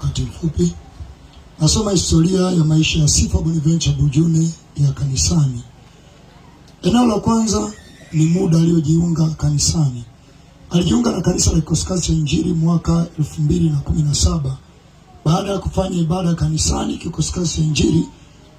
wakati mfupi, nasoma historia ya maisha ya Sifa Bonaventure Bujune ya kanisani. Eneo la kwanza ni muda aliyojiunga kanisani. Alijiunga na kanisa la Kikosikazi cha Injili mwaka elfu mbili na kumi na saba baada ya kufanya ibada kanisani Kikosikazi cha Injili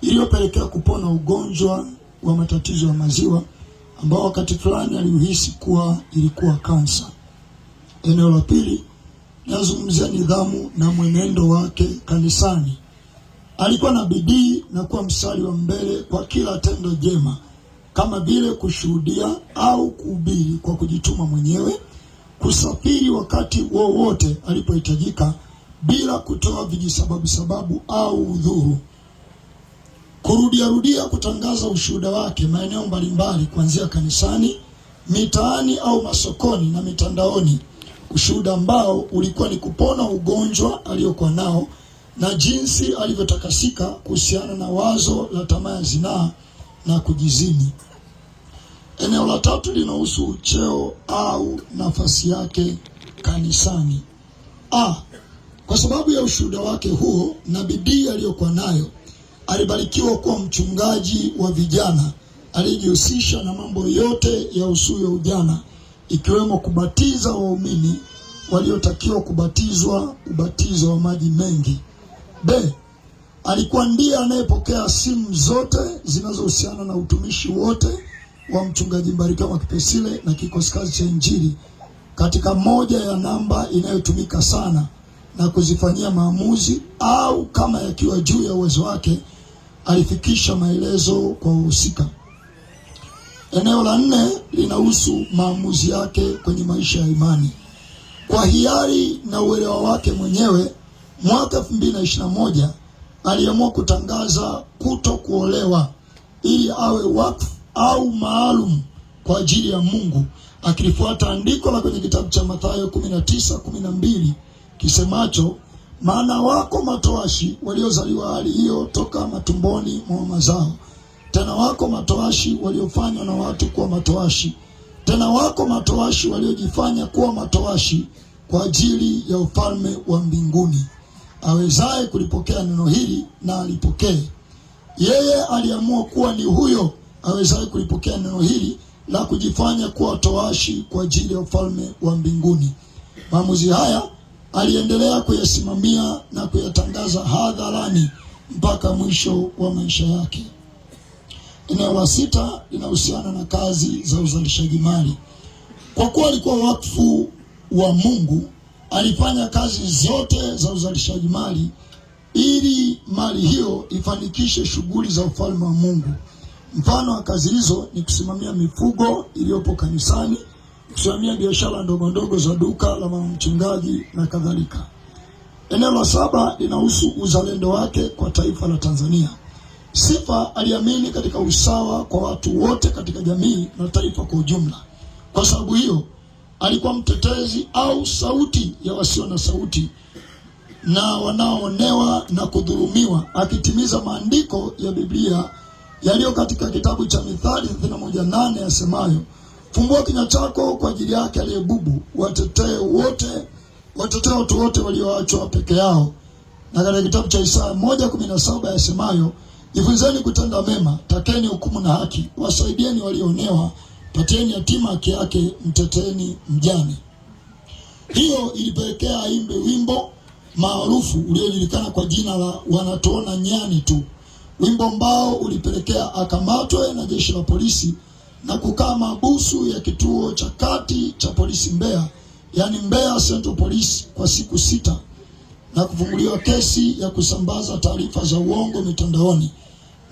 iliyopelekea kupona ugonjwa wa matatizo ya maziwa ambao wakati fulani aliuhisi kuwa ilikuwa kansa. Eneo la pili nazungumzia nidhamu na mwenendo wake kanisani. Alikuwa na bidii na kuwa mstari wa mbele kwa kila tendo jema, kama vile kushuhudia au kuhubiri kwa kujituma mwenyewe, kusafiri wakati wowote alipohitajika bila kutoa vijisababu sababu au udhuru, kurudiarudia kutangaza ushuhuda wake maeneo mbalimbali, kuanzia kanisani, mitaani au masokoni na mitandaoni ushuhuda ambao ulikuwa ni kupona ugonjwa aliyokuwa nao na jinsi alivyotakasika kuhusiana na wazo la tamaa ya zinaa na kujizini. Eneo la tatu linahusu cheo au nafasi yake kanisani. A, kwa sababu ya ushuhuda wake huo na bidii aliyokuwa nayo alibarikiwa kuwa mchungaji wa vijana aliyejihusisha na mambo yote ya usuyo ujana ikiwemo kubatiza waumini waliotakiwa kubatizwa ubatizo wa maji mengi. B, alikuwa ndiye anayepokea simu zote zinazohusiana na utumishi wote wa mchungaji Mbarikiwa Mwakipesile na kikosi kazi cha Injili katika moja ya namba inayotumika sana na kuzifanyia maamuzi au kama yakiwa juu ya uwezo wake, alifikisha maelezo kwa wahusika. Eneo la nne linahusu maamuzi yake kwenye maisha ya imani. Kwa hiari na uelewa wake mwenyewe, mwaka moja aliamua kutangaza kuto kuolewa ili awe wakfu au maalum kwa ajili ya Mungu, akilifuata andiko la kwenye kitabu cha Mathayo 19:12 kisemacho, maana wako matoashi waliozaliwa hali hiyo toka matumboni mwa mama zao tena wako matoashi waliofanywa na watu kuwa matoashi. Tena wako matoashi waliojifanya kuwa matoashi kwa ajili ya ufalme wa mbinguni. Awezaye kulipokea neno hili na alipokee. Yeye aliamua kuwa ni huyo awezaye kulipokea neno hili na kujifanya kuwa toashi kwa ajili ya ufalme wa mbinguni. Maamuzi haya aliendelea kuyasimamia na kuyatangaza hadharani mpaka mwisho wa maisha yake. Eneo la sita linahusiana na kazi za uzalishaji mali. Kwa kuwa alikuwa wakfu wa Mungu, alifanya kazi zote za uzalishaji mali ili mali hiyo ifanikishe shughuli za ufalme wa Mungu. Mfano wa kazi hizo ni kusimamia mifugo iliyopo kanisani, kusimamia biashara ndogo ndogo za duka la mama mchungaji na kadhalika. Eneo la saba linahusu uzalendo wake kwa taifa la Tanzania. Sifa aliamini katika usawa kwa watu wote katika jamii na taifa kwa ujumla. Kwa sababu hiyo, alikuwa mtetezi au sauti ya wasio na sauti na wanaoonewa na kudhulumiwa, akitimiza maandiko ya Biblia yaliyo katika kitabu cha Mithali 31:8 yasemayo, fumbua kinywa chako kwa ajili yake aliyebubu, watetee wote, watetee watu wote walioachwa peke yao, na katika kitabu cha Isaya 1:17 yasemayo Jifunzeni kutenda mema, takeni hukumu na haki, wasaidieni walioonewa, patieni yatima haki yake, mteteni mjane. Hiyo ilipelekea aimbe wimbo maarufu uliojulikana kwa jina la wanatuona nyani tu, wimbo ambao ulipelekea akamatwe na jeshi la polisi na kukaa mahabusu ya kituo cha kati cha polisi Mbeya, yani Mbeya Central Police kwa siku sita na kufunguliwa kesi ya kusambaza taarifa za uongo mitandaoni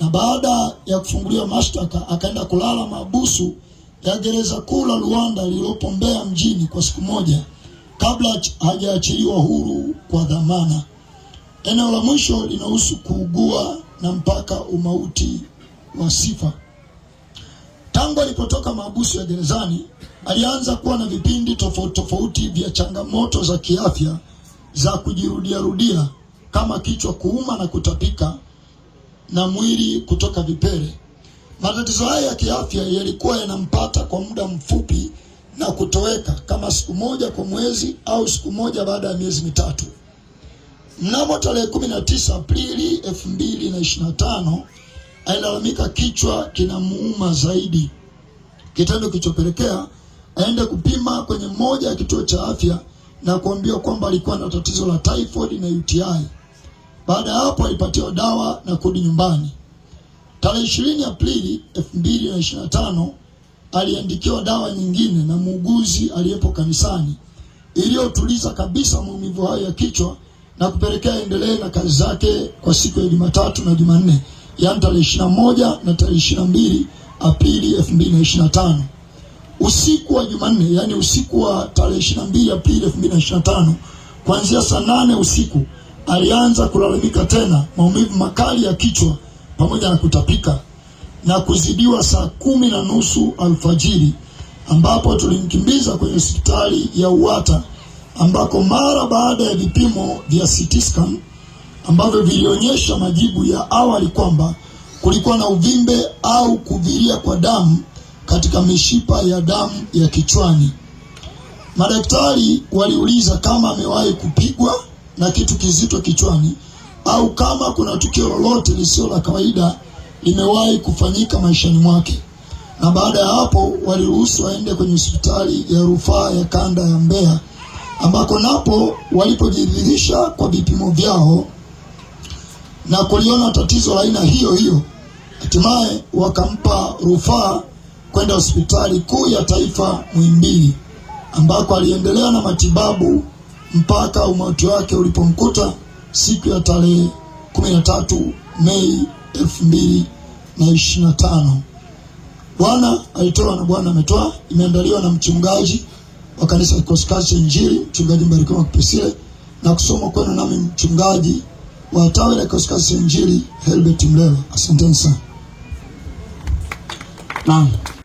na baada ya kufunguliwa mashtaka akaenda kulala mahabusu ya gereza kuu la Luanda lililopo Mbeya mjini kwa siku moja kabla hajaachiliwa huru kwa dhamana. Eneo la mwisho linahusu kuugua na mpaka umauti wa sifa. Tangu alipotoka maabusu ya gerezani, alianza kuwa na vipindi tofauti tofauti vya changamoto za kiafya za kujirudiarudia kama kichwa kuuma na kutapika na mwili kutoka vipele. Matatizo haya ya kiafya yalikuwa yanampata kwa muda mfupi na kutoweka kama siku moja kwa mwezi au siku moja baada ya miezi mitatu. Mnamo tarehe 19 Aprili 2025 alilalamika kichwa kinamuuma zaidi, kitendo kilichopelekea aende kupima kwenye mmoja ya kituo cha afya na kuambiwa kwamba alikuwa na tatizo la typhoid na UTI. Baada ya hapo alipatiwa dawa na kurudi nyumbani. Tarehe 20 Aprili 2025 aliandikiwa dawa nyingine na muuguzi aliyepo kanisani iliyotuliza kabisa maumivu hayo ya kichwa na kupelekea endelee na kazi zake kwa siku ya Jumatatu na Jumanne, yaani tarehe 21 na tarehe 22 Aprili 2025. Usiku wa Jumanne, yaani usiku wa tarehe 22 Aprili 2025 kuanzia saa nane usiku alianza kulalamika tena maumivu makali ya kichwa pamoja na kutapika na kuzidiwa saa kumi na nusu alfajiri, ambapo tulimkimbiza kwenye hospitali ya Uwata ambako mara baada ya vipimo vya CT scan ambavyo vilionyesha majibu ya awali kwamba kulikuwa na uvimbe au kuviria kwa damu katika mishipa ya damu ya kichwani. Madaktari waliuliza kama amewahi kupigwa na kitu kizito kichwani, au kama kuna tukio lolote lisilo la kawaida limewahi kufanyika maishani mwake. Na baada ya hapo waliruhusu aende kwenye hospitali ya rufaa ya kanda ya Mbeya, ambako napo walipojidhihirisha kwa vipimo vyao na kuliona tatizo la aina hiyo hiyo, hatimaye wakampa rufaa kwenda hospitali kuu ya taifa Muhimbili, ambako aliendelea na matibabu mpaka umati wake ulipomkuta siku ya tarehe 13 Mei 2025. Bwana alitoa na Bwana ametoa, imeandaliwa na mchungaji wa kanisa la Kikosikasi cha Injili, mchungaji Mbarikiwa Mwakipisile, na kusoma kwenu nami mchungaji wa tawi la Kikosikasi cha Injili Helbert Mlewa. Asanteni sana. Naam.